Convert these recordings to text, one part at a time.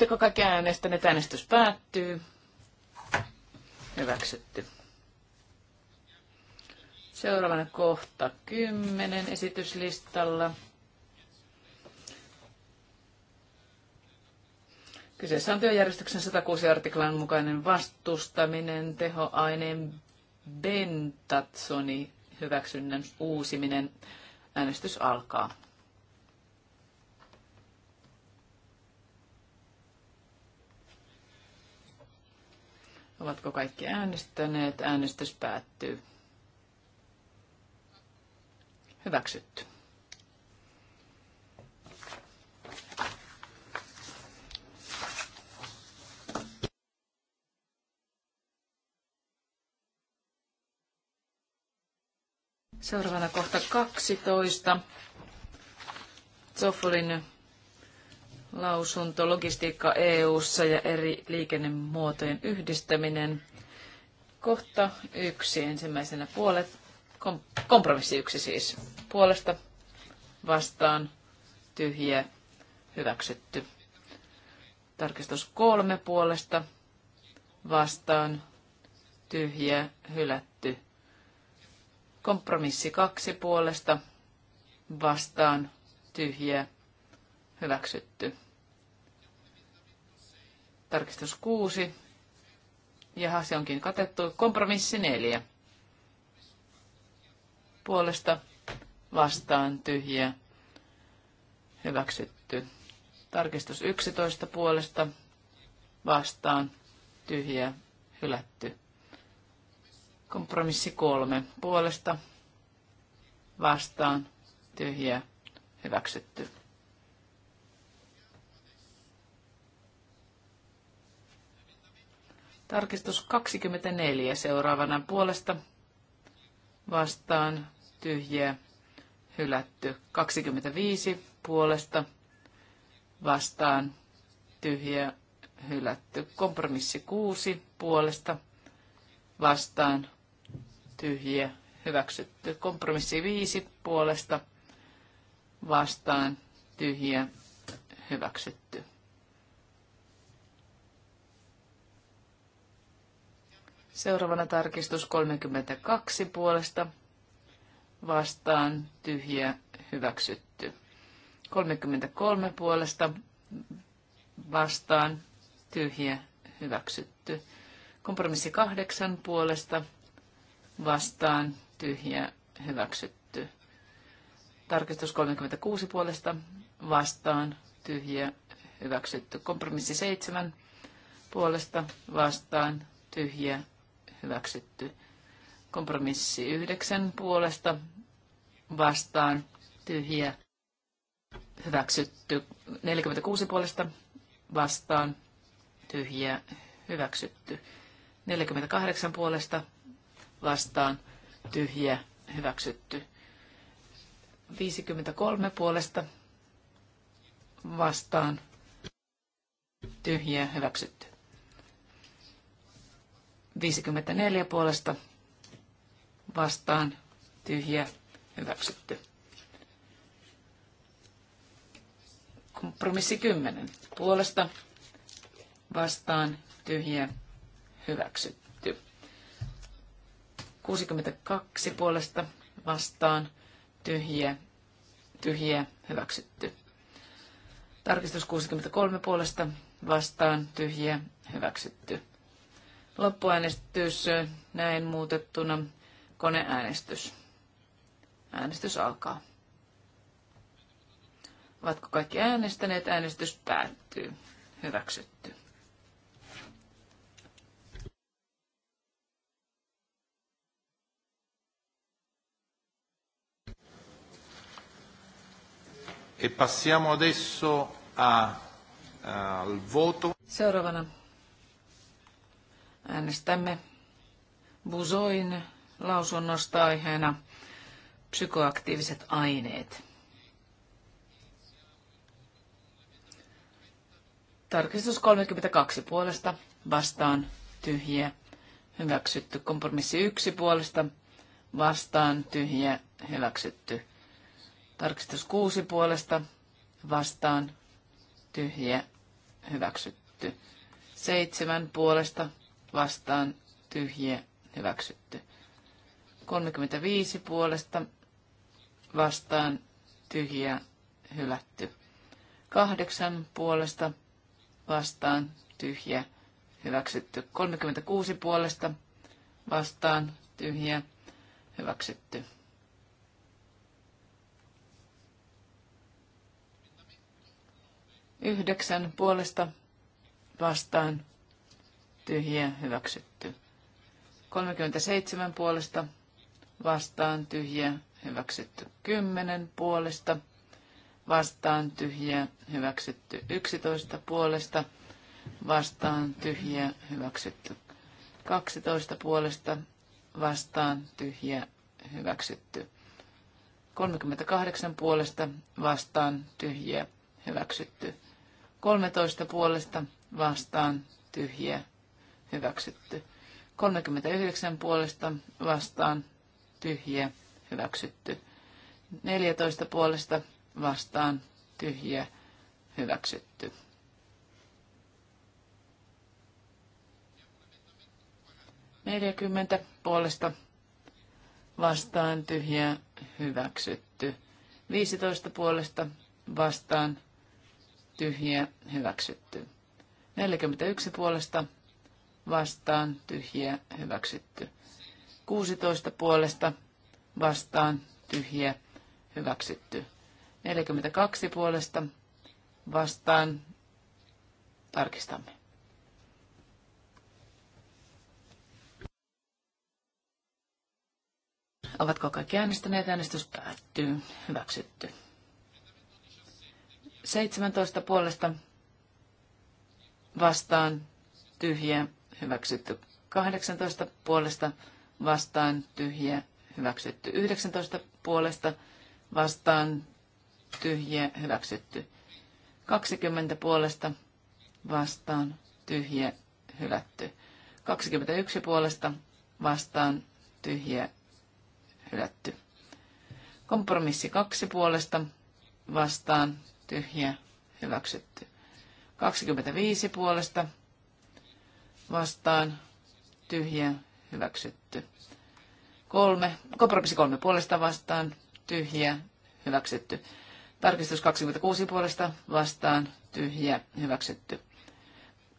Oletteko kaikki äänestäneet? Äänestys päättyy. Hyväksytty. Seuraavana kohta 10 esityslistalla. Kyseessä on työjärjestyksen 106 artiklan mukainen vastustaminen, tehoaineen bentatsoni hyväksynnän uusiminen. Äänestys alkaa. Ovatko kaikki äänestäneet? Äänestys päättyy. Hyväksytty. Seuraavana kohta 12. Zoffolin lausunto Logistiikka EU:ssa ja eri liikennemuotojen yhdistäminen. Kohta yksi ensimmäisenä puolet. Kom- kompromissi yksi siis. Puolesta vastaan tyhjä hyväksytty. Tarkistus kolme puolesta vastaan tyhjä hylätty. Kompromissi kaksi puolesta vastaan tyhjä hyväksytty tarkistus 6. Jaha, se onkin katettu. Kompromissi 4. Puolesta vastaan tyhjä. Hyväksytty. Tarkistus 11 puolesta vastaan tyhjä. Hylätty. Kompromissi 3 puolesta vastaan tyhjä. Hyväksytty. Tarkistus 24 seuraavana puolesta vastaan tyhjiä hylätty. 25 puolesta vastaan tyhjiä hylätty. Kompromissi 6 puolesta vastaan tyhjiä hyväksytty. Kompromissi 5 puolesta vastaan tyhjiä hyväksytty. Seuraavana tarkistus 32 puolesta vastaan tyhjä hyväksytty. 33 puolesta vastaan tyhjä hyväksytty. Kompromissi 8 puolesta vastaan tyhjä hyväksytty. Tarkistus 36 puolesta vastaan tyhjä hyväksytty. Kompromissi 7 puolesta vastaan tyhjä hyväksytty. Kompromissi yhdeksän puolesta vastaan tyhjiä hyväksytty. 46 puolesta vastaan tyhjiä hyväksytty. 48 puolesta vastaan tyhjiä hyväksytty. 53 puolesta vastaan tyhjiä hyväksytty. 54 puolesta vastaan tyhjä hyväksytty. Kompromissi 10 puolesta vastaan tyhjä hyväksytty. 62 puolesta vastaan tyhjä tyhjä hyväksytty. Tarkistus 63 puolesta vastaan tyhjä hyväksytty. Loppuäänestys näin muutettuna. Koneäänestys. Äänestys alkaa. Ovatko kaikki äänestäneet? Äänestys päättyy. Hyväksytty. E passiamo adesso a, eh, al voto. Seuraavana Äänestämme Buzoin lausunnosta aiheena psykoaktiiviset aineet. Tarkistus 32 puolesta vastaan tyhjiä. Hyväksytty kompromissi 1 puolesta vastaan tyhjiä. Hyväksytty. Tarkistus 6 puolesta vastaan tyhjiä. Hyväksytty. 7 puolesta vastaan tyhjiä hyväksytty. 35 puolesta vastaan tyhjiä hylätty. 8 puolesta vastaan tyhjiä hyväksytty. 36 puolesta vastaan tyhjiä hyväksytty. Yhdeksän puolesta vastaan tyhjiä hyväksytty. 37 puolesta vastaan tyhjiä hyväksytty 10 puolesta vastaan tyhjiä hyväksytty 11 puolesta vastaan tyhjiä hyväksytty 12 puolesta vastaan tyhjiä hyväksytty 38 puolesta vastaan tyhjiä hyväksytty 13 puolesta vastaan tyhjiä hyväksytty. 39 puolesta vastaan tyhjiä hyväksytty. 14 puolesta vastaan tyhjiä hyväksytty. Neljäkymmentä puolesta vastaan tyhjää hyväksytty. 15 puolesta vastaan tyhjä hyväksytty. 41 puolesta vastaan tyhjiä hyväksytty. 16 puolesta vastaan tyhjiä hyväksytty. 42 puolesta vastaan tarkistamme. Ovatko kaikki äänestäneet? Äänestys päättyy. Hyväksytty. 17 puolesta vastaan tyhjiä hyväksytty 18 puolesta vastaan tyhjä hyväksytty 19 puolesta vastaan tyhjä hyväksytty 20 puolesta vastaan tyhjä hylätty 21 puolesta vastaan tyhjä hylätty kompromissi 2 puolesta vastaan tyhjä hyväksytty 25 puolesta vastaan tyhjä hyväksytty. Kolme, kompromissi kolme puolesta vastaan tyhjä hyväksytty. Tarkistus 26 puolesta vastaan tyhjä hyväksytty.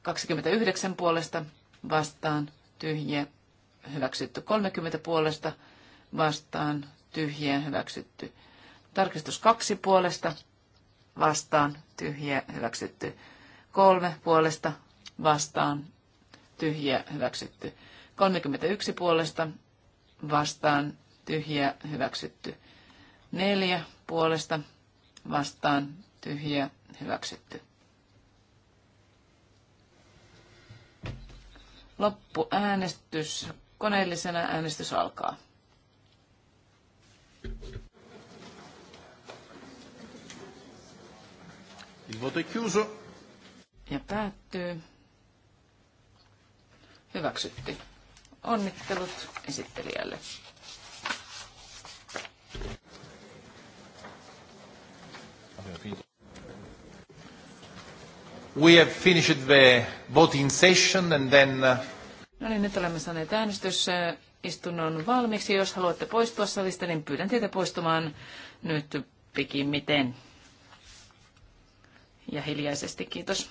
29 puolesta vastaan tyhjä hyväksytty. 30 puolesta vastaan tyhjä hyväksytty. Tarkistus 2 puolesta vastaan tyhjä hyväksytty. 3 puolesta vastaan tyhjiä hyväksytty. 31 puolesta vastaan tyhjiä hyväksytty. 4 puolesta vastaan tyhjiä hyväksytty. äänestys. Koneellisena äänestys alkaa. Il voto è chiuso. Ja päättyy. Hyväksytty. Onnittelut esittelijälle. We have finished the voting session and then... Uh, no niin, nyt olemme saaneet äänestysistunnon valmiiksi. Jos haluatte poistua salista, niin pyydän teitä poistumaan nyt pikimmiten. Ja hiljaisesti, kiitos.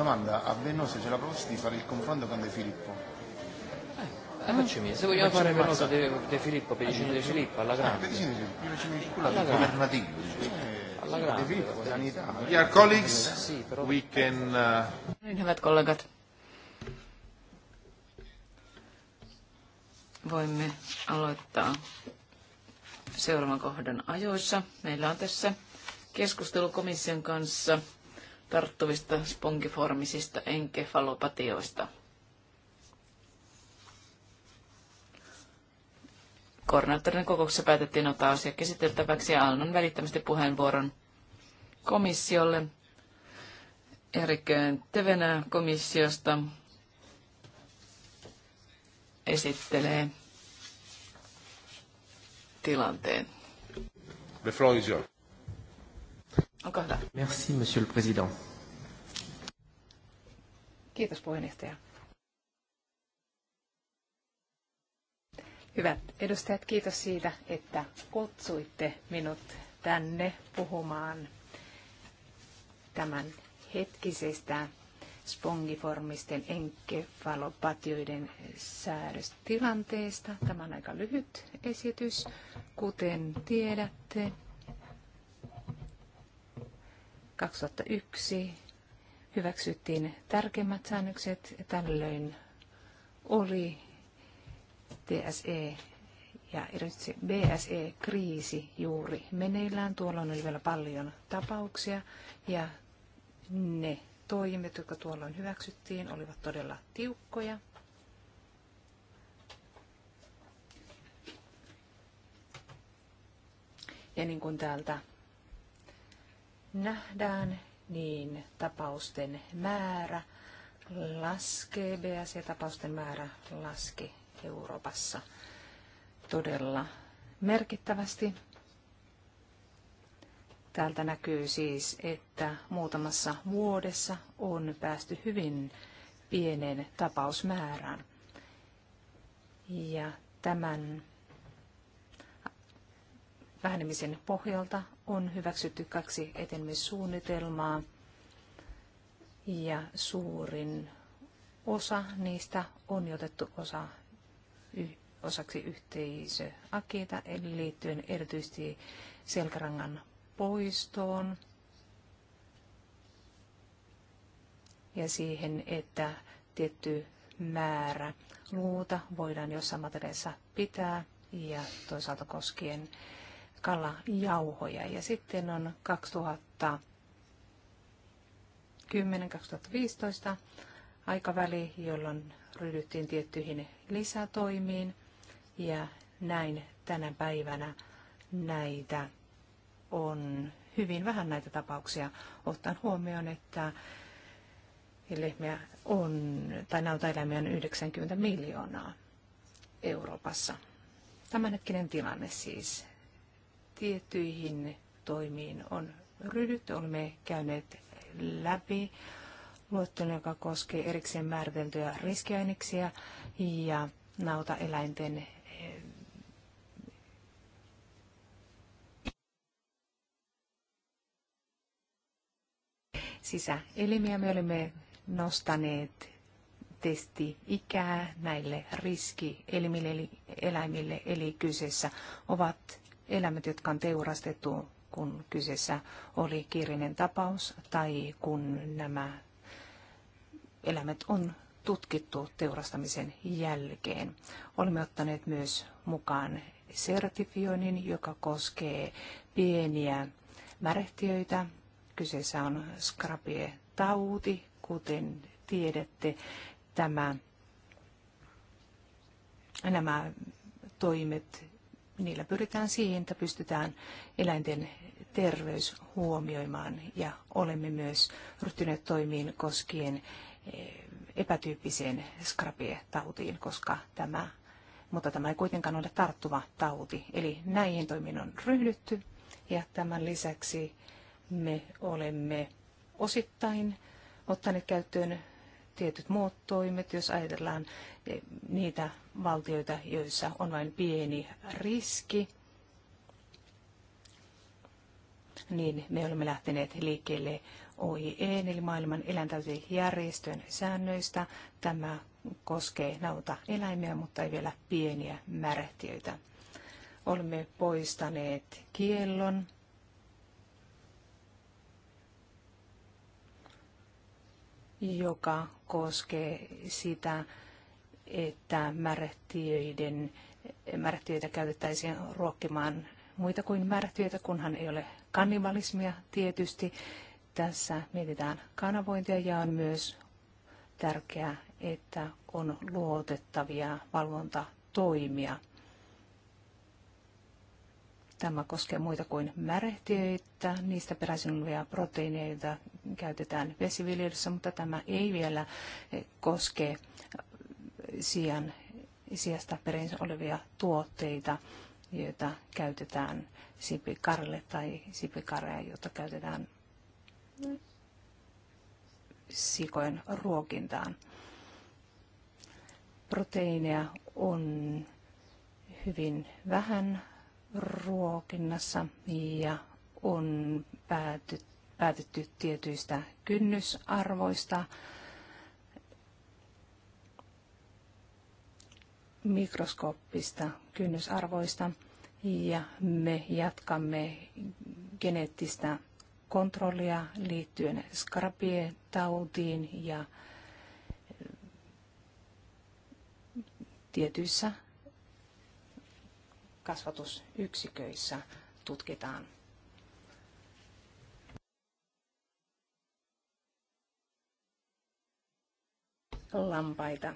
domanda a Venosa c'è la proposta di fare il confronto con De Filippo. Eh, eh facciamo, se vogliamo fare Venosa De, De Filippo, Pedicino ah, De Filippo, alla ah, grande. eh, Pedicino De Filippo, io facciamo ci metto quella governativo. Alla eh, grande. De Filippo, sanità. Dear colleagues, we can... Uh... Niin, hyvät collegato Voimme aloittaa seuraavan kohdan ajoissa. Meillä on tässä keskustelu komission kanssa tarttuvista spongiformisista enkefalopatioista. Koordinaattorin kokouksessa päätettiin ottaa asia käsiteltäväksi ja annan välittömästi puheenvuoron komissiolle. Erik Tevenä komissiosta esittelee tilanteen. The floor is yours. Olkaa hyvä. Merci, monsieur le président. Kiitos puheenjohtaja. Hyvät edustajat, kiitos siitä, että kutsuitte minut tänne puhumaan tämän hetkisestä spongiformisten enkefalopatioiden säädöstilanteesta. Tämä on aika lyhyt esitys. Kuten tiedätte, 2001 hyväksyttiin tärkeimmät säännökset tällöin oli TSE ja erityisesti BSE-kriisi juuri meneillään. Tuolloin oli vielä paljon tapauksia ja ne toimet, jotka tuolloin hyväksyttiin, olivat todella tiukkoja. Ja niin kuin täältä nähdään, niin tapausten määrä laskee, BSE-tapausten määrä laski Euroopassa todella merkittävästi. Täältä näkyy siis, että muutamassa vuodessa on päästy hyvin pienen tapausmäärään. Ja tämän vähenemisen pohjalta on hyväksytty kaksi etenemissuunnitelmaa ja suurin osa niistä on jo otettu osa, y, osaksi yhteisöakeita eli liittyen erityisesti selkärangan poistoon ja siihen, että tietty määrä luuta voidaan jossain materiaalissa pitää ja toisaalta koskien kalajauhoja. Ja sitten on 2010-2015 aikaväli, jolloin ryhdyttiin tiettyihin lisätoimiin ja näin tänä päivänä näitä on hyvin vähän näitä tapauksia, ottaen huomioon, että lehmiä on, tai nautaeläimiä on 90 miljoonaa Euroopassa. Tämänhetkinen tilanne siis tiettyihin toimiin on ryhdytty. Olemme käyneet läpi luottelun, joka koskee erikseen määriteltyjä riskiaineksia ja nautaeläinten eh, sisäelimiä. Me olemme nostaneet testi-ikää näille riskielimille eli eläimille, eli kyseessä ovat elämät, jotka on teurastettu, kun kyseessä oli kiireinen tapaus tai kun nämä elämät on tutkittu teurastamisen jälkeen. Olemme ottaneet myös mukaan sertifioinnin, joka koskee pieniä märehtiöitä. Kyseessä on skrapie-tauti, kuten tiedätte. Tämä, nämä toimet niillä pyritään siihen, että pystytään eläinten terveys huomioimaan ja olemme myös ryhtyneet toimiin koskien eh, epätyyppiseen skrapie-tautiin, koska tämä, mutta tämä ei kuitenkaan ole tarttuva tauti. Eli näihin toimiin on ryhdytty ja tämän lisäksi me olemme osittain ottaneet käyttöön tietyt muut toimet, jos ajatellaan eh, niitä valtioita, joissa on vain pieni riski, niin me olemme lähteneet liikkeelle OIE, eli maailman eläintautijärjestön säännöistä. Tämä koskee nauta eläimiä, mutta ei vielä pieniä märehtiöitä. Olemme poistaneet kiellon joka koskee sitä, että märehtiöiden, märehtiöitä käytettäisiin ruokkimaan muita kuin märehtiöitä, kunhan ei ole kannibalismia tietysti. Tässä mietitään kanavointia ja on myös tärkeää, että on luotettavia valvontatoimia. Tämä koskee muita kuin märehtiöitä, niistä peräisin olevia proteiineita käytetään vesiviljelyssä, mutta tämä ei vielä koske sian, sijasta peräisin olevia tuotteita, joita käytetään sipikarille tai sipikareja, joita käytetään sikojen ruokintaan. Proteiineja on hyvin vähän ruokinnassa ja on pääty, päätetty tietyistä kynnysarvoista. mikroskooppista kynnysarvoista ja me jatkamme geneettistä kontrollia liittyen skarabie-tautiin ja tietyissä kasvatusyksiköissä tutkitaan. lampaita.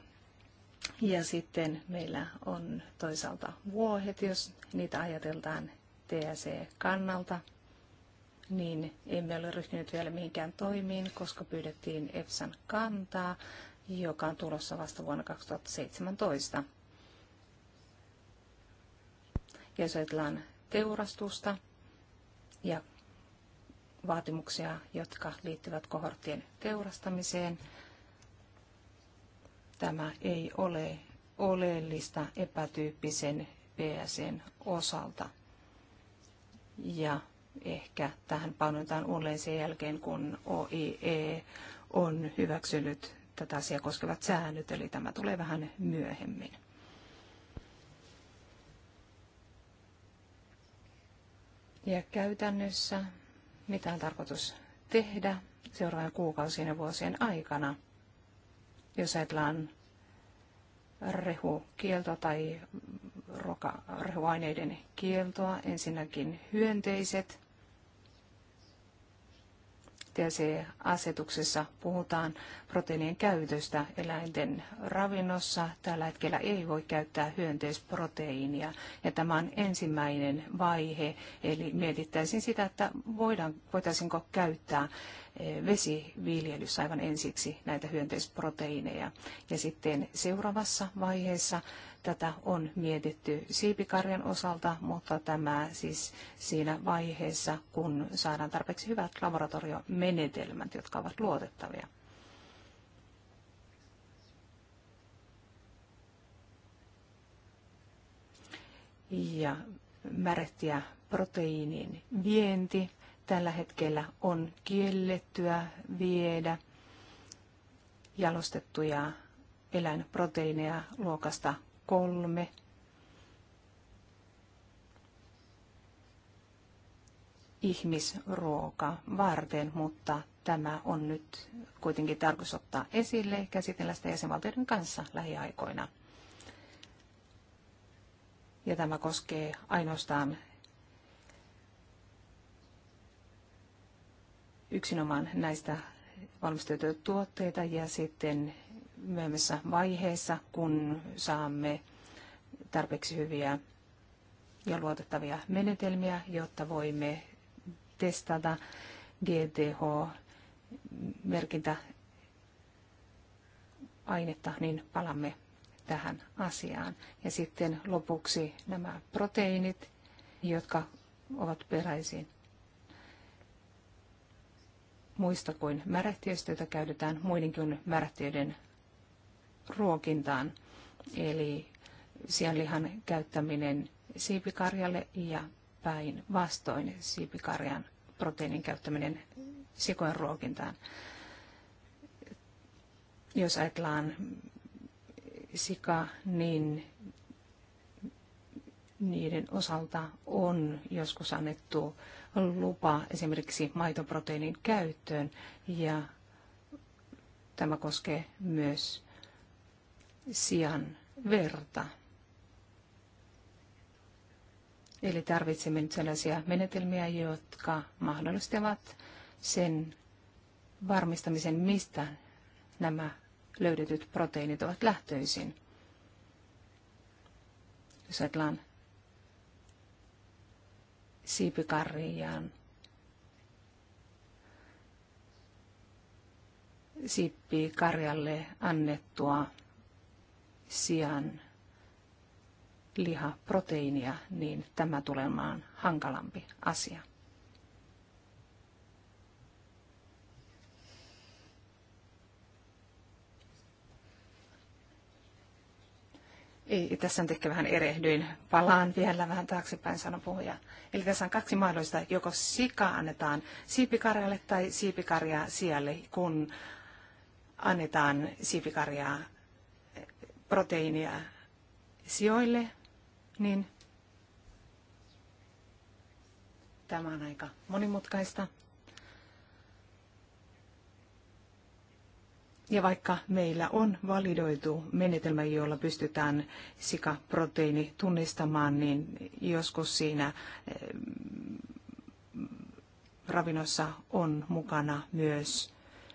Ja sitten meillä on toisaalta vuohet, jos niitä ajateltaan TSE-kannalta, niin emme ole ryhtyneet vielä mihinkään toimiin, koska pyydettiin EFSAn kantaa, joka on tulossa vasta vuonna 2017. Ja jos ajatellaan teurastusta ja vaatimuksia, jotka liittyvät kohorttien teurastamiseen, tämä ei ole oleellista epätyyppisen PSN osalta. Ja ehkä tähän painotetaan uudelleen sen jälkeen, kun OIE on hyväksynyt tätä asiaa koskevat säännöt, eli tämä tulee vähän myöhemmin. Ja käytännössä, mitä on tarkoitus tehdä seuraavien kuukausien ja vuosien aikana, jos ajatellaan rehukieltoa tai roka, rehuaineiden kieltoa, ensinnäkin hyönteiset, TSE-asetuksessa puhutaan proteiinien käytöstä eläinten ravinnossa. Tällä hetkellä ei voi käyttää hyönteisproteiinia ja tämä on ensimmäinen vaihe. Eli mietittäisin sitä, että voidaan, voitaisinko käyttää eh, vesiviljelyssä aivan ensiksi näitä hyönteisproteiineja. Ja sitten seuraavassa vaiheessa Tätä on mietitty siipikarjan osalta, mutta tämä siis siinä vaiheessa, kun saadaan tarpeeksi hyvät laboratoriomenetelmät, jotka ovat luotettavia. Ja märehtiä proteiinin vienti tällä hetkellä on kiellettyä viedä jalostettuja eläinproteiineja luokasta kolme. ihmisruoka varten, mutta tämä on nyt kuitenkin tarkoitus ottaa esille ja käsitellä sitä jäsenvaltioiden kanssa lähiaikoina. Ja tämä koskee ainoastaan yksinomaan näistä valmistettuja tuotteita ja sitten myöhemmässä vaiheessa, kun saamme tarpeeksi hyviä ja luotettavia menetelmiä, jotta voimme testata GTH-merkintä ainetta, niin palamme tähän asiaan. Ja sitten lopuksi nämä proteiinit, jotka ovat peräisin muista kuin märähtiöistä, joita käytetään muidenkin märähtiöiden ruokintaan. Eli sianlihan käyttäminen siipikarjalle ja päinvastoin siipikarjan proteiinin käyttäminen sikojen ruokintaan. Jos ajatellaan sika, niin niiden osalta on joskus annettu lupa esimerkiksi maitoproteiinin käyttöön ja tämä koskee myös sian verta. Eli tarvitsemme nyt sellaisia menetelmiä, jotka mahdollistavat sen varmistamisen, mistä nämä löydetyt proteiinit ovat lähtöisin. Jos ajatellaan siipikarjaan, siippikarjalle annettua sijaan lihaproteiinia, niin tämä tulemaan hankalampi asia. Ei, tässä on ehkä vähän erehdyin. Palaan vielä vähän taaksepäin, sanon puhuja. Eli tässä on kaksi mahdollista. Joko sika annetaan siipikarjalle tai siipikarjaa sijalle, kun annetaan siipikarjaa proteiinia sijoille, niin tämä on aika monimutkaista. Ja vaikka meillä on validoitu menetelmä, jolla pystytään sikaproteiini tunnistamaan, niin joskus siinä eh, ravinnossa on mukana myös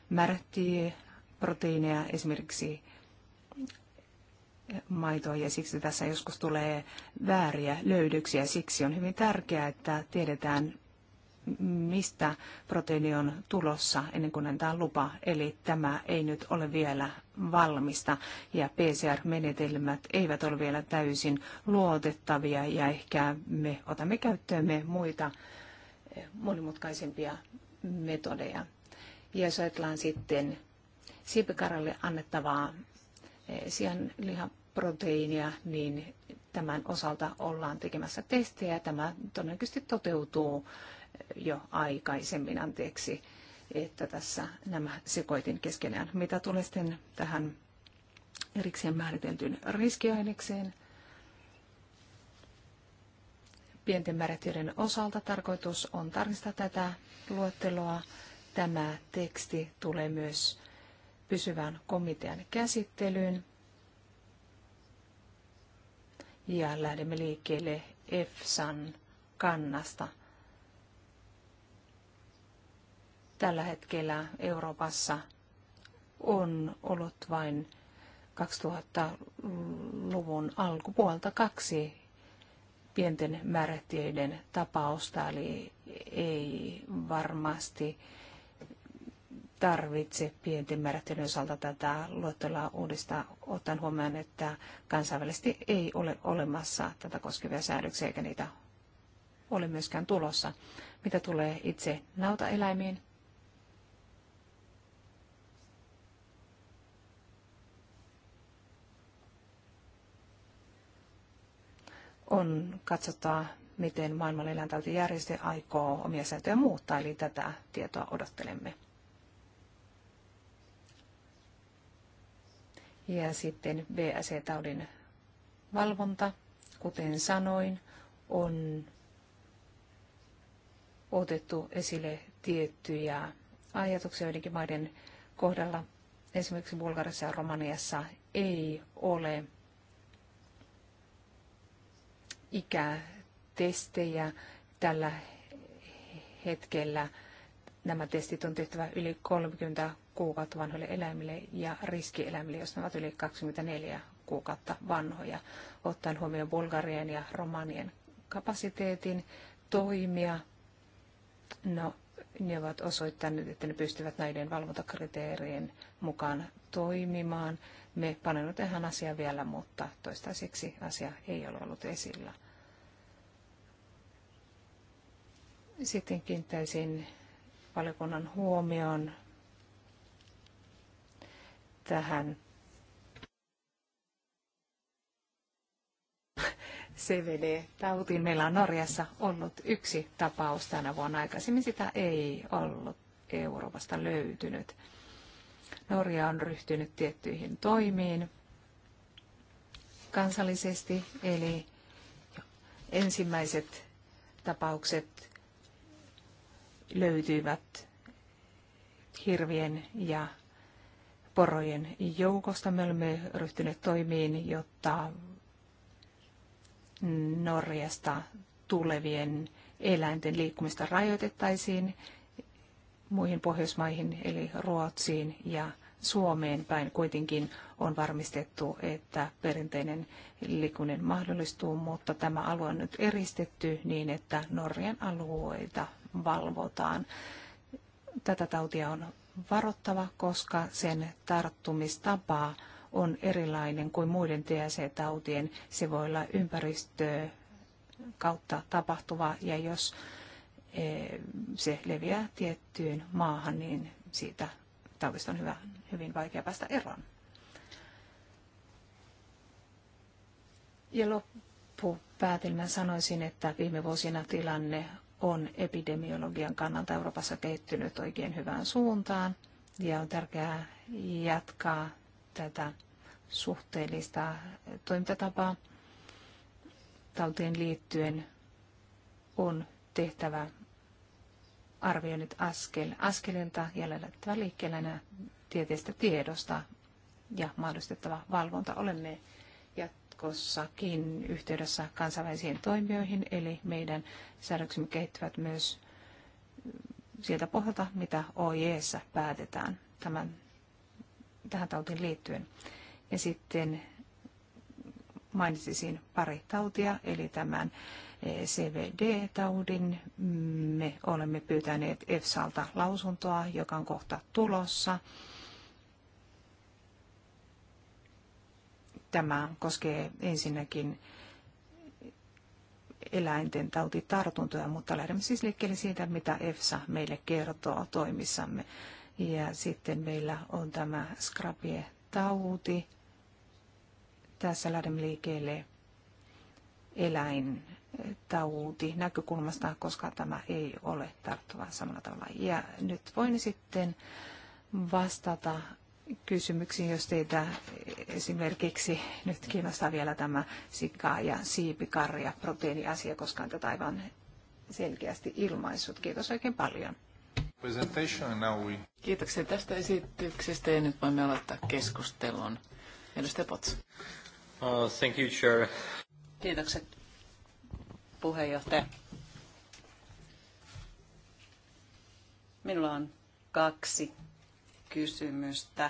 märttiä proteiineja, esimerkiksi maitoa ja siksi tässä joskus tulee vääriä löydöksiä. Siksi on hyvin tärkeää, että tiedetään, mistä proteiini on tulossa ennen kuin antaa lupa. Eli tämä ei nyt ole vielä valmista ja PCR-menetelmät eivät ole vielä täysin luotettavia ja ehkä me otamme käyttöömme muita eh, monimutkaisempia metodeja. Ja jos ajatellaan sitten siipikaralle annettavaa eh, sianliha proteiinia, niin tämän osalta ollaan tekemässä testejä tämä todennäköisesti toteutuu jo aikaisemmin, anteeksi, että tässä nämä sekoitin keskenään. Mitä tulee sitten tähän erikseen määriteltyyn riskiainekseen, pienten määrätiöiden osalta tarkoitus on tarkistaa tätä luetteloa. Tämä teksti tulee myös pysyvään komitean käsittelyyn ja lähdemme liikkeelle EFSAn kannasta. Tällä hetkellä Euroopassa on ollut vain 2000-luvun alkupuolta kaksi pienten määrätiöiden tapausta, eli ei varmasti tarvitse pienten määrättyjen osalta tätä luettelua uudistaa, ottaen huomioon, että kansainvälisesti ei ole olemassa tätä koskevia säädöksiä eikä niitä ole myöskään tulossa. Mitä tulee itse nautaeläimiin, on katsotaan, miten maailman eläintautijärjestö aikoo omia sääntöjä muuttaa, eli tätä tietoa odottelemme. Ja sitten BSE-taudin valvonta, kuten sanoin, on otettu esille tiettyjä ajatuksia joidenkin maiden kohdalla. Esimerkiksi Bulgariassa ja Romaniassa ei ole ikätestejä tällä hetkellä nämä testit on tehtävä yli 30 kuukautta vanhoille eläimille ja riskieläimille, jos ne ovat yli 24 kuukautta vanhoja, ottaen huomioon Bulgarian ja Romanien kapasiteetin toimia. No, ne ovat osoittaneet, että ne pystyvät näiden valvontakriteerien mukaan toimimaan. Me panemme tähän asiaan vielä, mutta toistaiseksi asia ei ole ollut esillä. Sitten kiinnittäisin valiokunnan huomioon tähän CVD-tautiin. Meillä on Norjassa ollut yksi tapaus tänä vuonna aikaisemmin. Sitä ei ollut Euroopasta löytynyt. Norja on ryhtynyt tiettyihin toimiin kansallisesti, eli ensimmäiset tapaukset löytyivät hirvien ja porojen joukosta. Me olemme ryhtyneet toimiin, jotta Norjasta tulevien eläinten liikkumista rajoitettaisiin muihin Pohjoismaihin, eli Ruotsiin ja Suomeen päin. Kuitenkin on varmistettu, että perinteinen liikkuminen mahdollistuu, mutta tämä alue on nyt eristetty niin, että Norjan alueita valvotaan. Tätä tautia on varottava, koska sen tarttumistapa on erilainen kuin muiden TSE-tautien. Se voi olla ympäristö kautta tapahtuva ja jos e, se leviää tiettyyn maahan, niin siitä taudista on hyvä, hyvin vaikea päästä eroon. Ja loppupäätelmän sanoisin, että viime vuosina tilanne on epidemiologian kannalta Euroopassa kehittynyt oikein hyvään suuntaan ja on tärkeää jatkaa tätä suhteellista toimintatapaa tautiin liittyen on tehtävä arvioinnit askel, askelilta ja lähdettävä liikkeellä tieteestä tiedosta ja mahdollistettava valvonta. Olemme ja jatkossakin yhteydessä kansainvälisiin toimijoihin, eli meidän säädöksemme kehittyvät myös sieltä pohjalta, mitä OJEssä päätetään tämän, tähän tautiin liittyen. Ja sitten mainitsisin pari tautia, eli tämän CVD-taudin. Me olemme pyytäneet EFSAlta lausuntoa, joka on kohta tulossa. Tämä koskee ensinnäkin eläinten tautitartuntoja, mutta lähdemme siis liikkeelle siitä, mitä EFSA meille kertoo toimissamme. Ja sitten meillä on tämä skrapie-tauti. Tässä lähdemme liikkeelle eläintauti näkökulmasta, koska tämä ei ole tarttuva samalla tavalla. Ja nyt voin sitten vastata kysymyksiin, jos teitä esimerkiksi nyt kiinnostaa vielä tämä sika- ja siipikarja proteiiniasia, koska on tätä aivan selkeästi ilmaissut. Kiitos oikein paljon. Kiitoksia tästä esityksestä ja nyt voimme aloittaa keskustelun. Edustaja Potts. Uh, thank you, Chair. Kiitokset, puheenjohtaja. Minulla on kaksi kysymystä.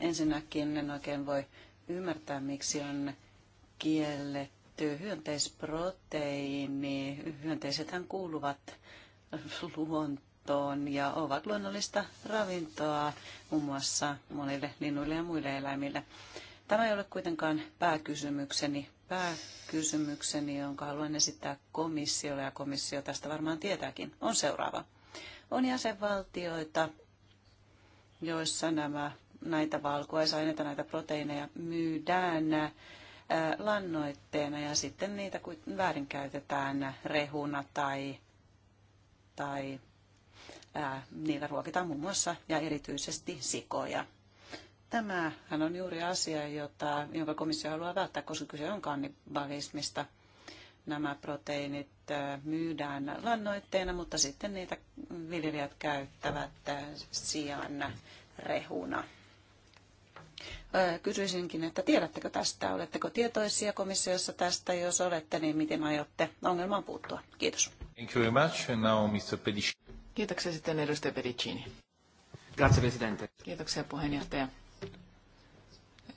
Ensinnäkin en oikein voi ymmärtää, miksi on kielletty hyönteisproteiini. Hyönteisethän kuuluvat luontoon ja ovat luonnollista ravintoa muun muassa monille linnuille ja muille eläimille. Tämä ei ole kuitenkaan pääkysymykseni. Pääkysymykseni, jonka haluan esittää komissiolle, ja komissio tästä varmaan tietääkin, on seuraava. On jäsenvaltioita, joissa nämä, näitä valkuaisaineita, näitä proteiineja myydään äh, lannoitteena ja sitten niitä väärinkäytetään rehuna tai, tai ää, äh, niillä ruokitaan muun muassa ja erityisesti sikoja. Tämähän on juuri asia, jota, jonka komissio haluaa välttää, koska kyse on kannibalismista – nämä proteiinit myydään lannoitteena, mutta sitten niitä viljelijät käyttävät sijaan rehuna. Kysyisinkin, että tiedättekö tästä? Oletteko tietoisia komissiossa tästä? Jos olette, niin miten aiotte ongelmaan puuttua? Kiitos. Thank you very much. And now Mr. Pedicini. Kiitoksia sitten edustaja Pedicini. Grazie, Presidente. Kiitoksia puheenjohtaja.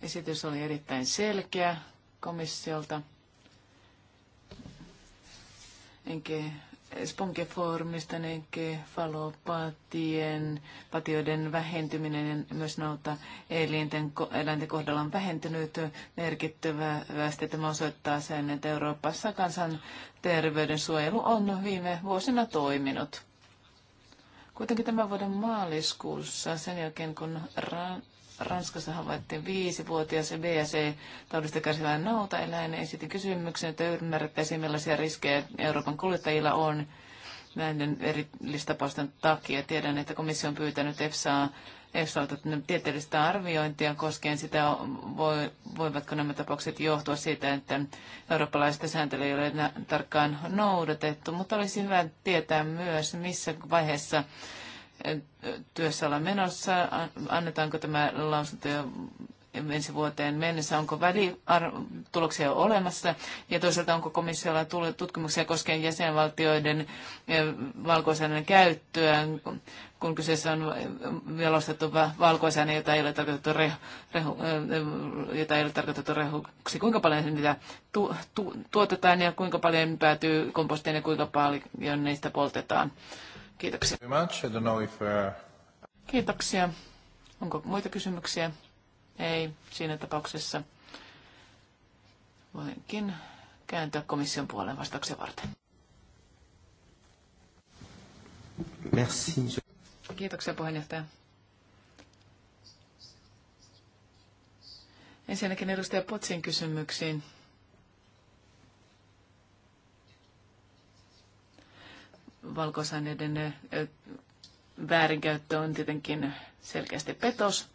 Esitys oli erittäin selkeä komissiolta enkä sponkefoorumista, enke falopatien, patioiden vähentyminen ja myös nauta eläinten, eläinten kohdalla on vähentynyt merkittävästi. Tämä osoittaa sen, että Euroopassa kansanterveyden suojelu on viime vuosina toiminut. Kuitenkin tämän vuoden maaliskuussa, sen jälkeen kun ra- Ranskassa havaittiin viisivuotias ja BSE-taudista kärsivän nautaeläin. Esitin kysymyksen, että ymmärrettäisiin millaisia riskejä Euroopan kuljettajilla on näiden erillistapausten takia. Tiedän, että komissio on pyytänyt EFSAa EFSAlta tieteellistä arviointia koskien sitä, voi, voivatko nämä tapaukset johtua siitä, että eurooppalaista sääntelyä ei ole tarkkaan noudatettu, mutta olisi hyvä tietää myös, missä vaiheessa työssä ollaan menossa? Annetaanko tämä lausunto jo ensi vuoteen mennessä? Onko välituloksia olemassa? Ja toisaalta onko komissiolla tullut tutkimuksia koskien jäsenvaltioiden valkoisainen käyttöä, kun kyseessä on jalostettu valkoisainen, jota ei ole tarkoitettu, rehu, rehu, jota ei ole tarkoitettu rehuksi? Kuinka paljon niitä tu, tu, tuotetaan ja kuinka paljon päätyy kompostiin ja kuinka paljon niistä poltetaan? Kiitoksia. Uh, Kiitoksia. Onko muita kysymyksiä? Ei. Siinä tapauksessa voinkin kääntää komission puoleen vastauksen varten. Merci. Kiitoksia puheenjohtaja. Ensinnäkin edustaja Potsin kysymyksiin. valkosaineiden väärinkäyttö on tietenkin selkeästi petos.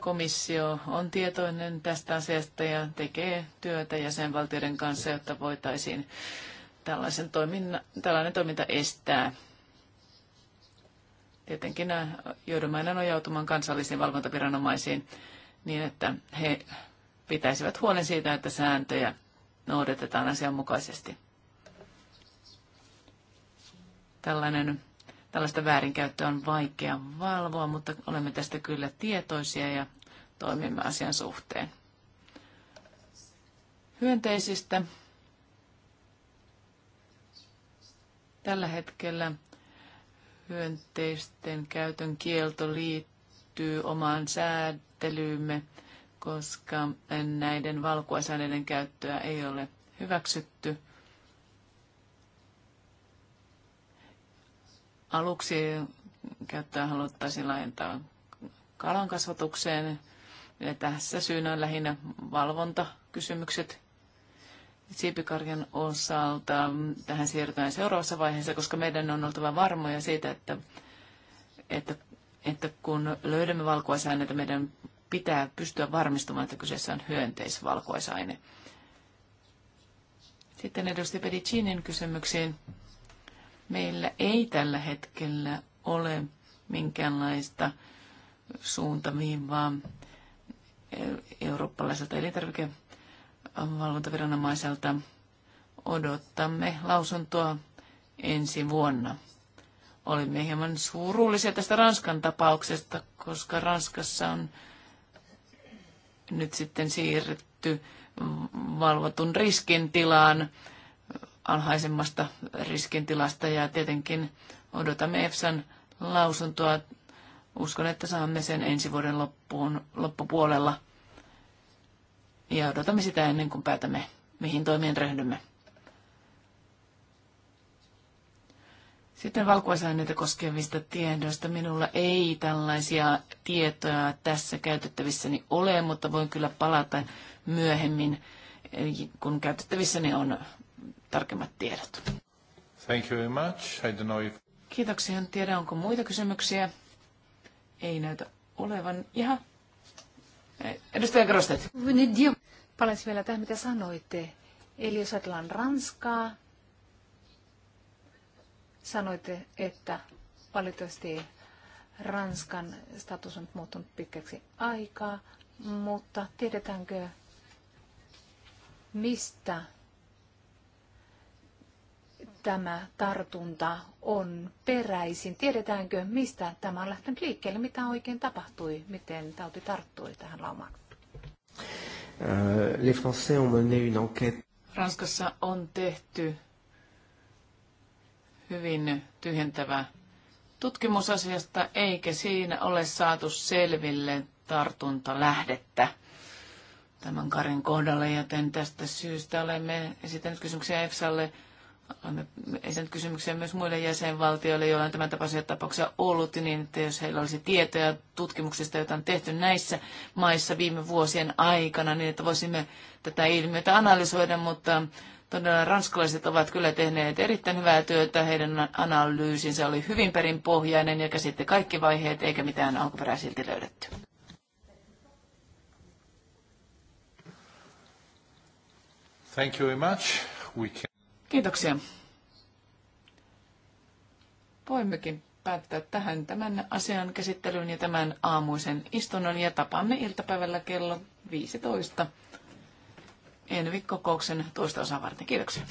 Komissio on tietoinen tästä asiasta ja tekee työtä jäsenvaltioiden kanssa, jotta voitaisiin tällaisen toiminna, tällainen toiminta estää. Tietenkin joudumme aina nojautumaan kansallisiin valvontaviranomaisiin niin, että he pitäisivät huolen siitä, että sääntöjä noudatetaan asianmukaisesti. Tällainen, tällaista väärinkäyttöä on vaikea valvoa, mutta olemme tästä kyllä tietoisia ja toimimme asian suhteen. Hyönteisistä tällä hetkellä hyönteisten käytön kielto liittyy omaan säätelyymme, koska näiden valkuaisaineiden käyttöä ei ole hyväksytty – Aluksi käyttää haluttaisiin laajentaa kalankasvatukseen. Ja tässä syynä on lähinnä valvontakysymykset siipikarjan osalta. Tähän siirrytään seuraavassa vaiheessa, koska meidän on oltava varmoja siitä, että, että, että kun löydämme valkuaisaineita, meidän pitää pystyä varmistumaan, että kyseessä on hyönteisvalkuaisaine. Sitten edusti Pedicinin kysymyksiin. Meillä ei tällä hetkellä ole minkäänlaista suuntaviivaa eurooppalaiselta elintarvikevalvontaviranomaiselta. Odottamme lausuntoa ensi vuonna. Olimme hieman suurullisia tästä Ranskan tapauksesta, koska Ranskassa on nyt sitten siirretty valvotun riskin tilaan alhaisemmasta riskintilasta ja tietenkin odotamme EFSAn lausuntoa. Uskon, että saamme sen ensi vuoden loppuun, loppupuolella ja odotamme sitä ennen kuin päätämme, mihin toimien ryhdymme. Sitten valkuaisaineita koskevista tiedoista. Minulla ei tällaisia tietoja tässä käytettävissäni ole, mutta voin kyllä palata myöhemmin, kun käytettävissäni on tarkemmat tiedot. Thank you very much. I don't know if... Kiitoksia. En tiedä, onko muita kysymyksiä. Ei näytä olevan. Jaha. Edustaja Grostet. Palaisin vielä tähän, mitä sanoitte. Eli jos ajatellaan Ranskaa, sanoitte, että valitettavasti Ranskan status on muuttunut pitkäksi aikaa, mutta tiedetäänkö, mistä tämä tartunta on peräisin? Tiedetäänkö, mistä tämä on lähtenyt liikkeelle? Mitä oikein tapahtui? Miten tauti tarttui tähän laumaan? Euh, les Français ont mené une enquête. Ranskassa on tehty hyvin tyhjentävä tutkimusasiasta, eikä siinä ole saatu selville tartuntalähdettä tämän Karin kohdalle, joten tästä syystä olemme esittäneet kysymyksiä EFSAlle olemme esittäneet kysymyksiä myös muille jäsenvaltioille, joilla on tämän tapaisia tapauksia ollut, niin että jos heillä olisi tietoja tutkimuksista, joita on tehty näissä maissa viime vuosien aikana, niin että voisimme tätä ilmiötä analysoida, mutta todella ranskalaiset ovat kyllä tehneet erittäin hyvää työtä. Heidän analyysinsä oli hyvin perinpohjainen ja käsitte kaikki vaiheet, eikä mitään alkuperää silti löydetty. Thank you very much. We can... Kiitoksia. Voimmekin päättää tähän tämän asian käsittelyn ja tämän aamuisen istunnon ja tapaamme iltapäivällä kello 15. Envi kokouksen toista osaa varten. Kiitoksia.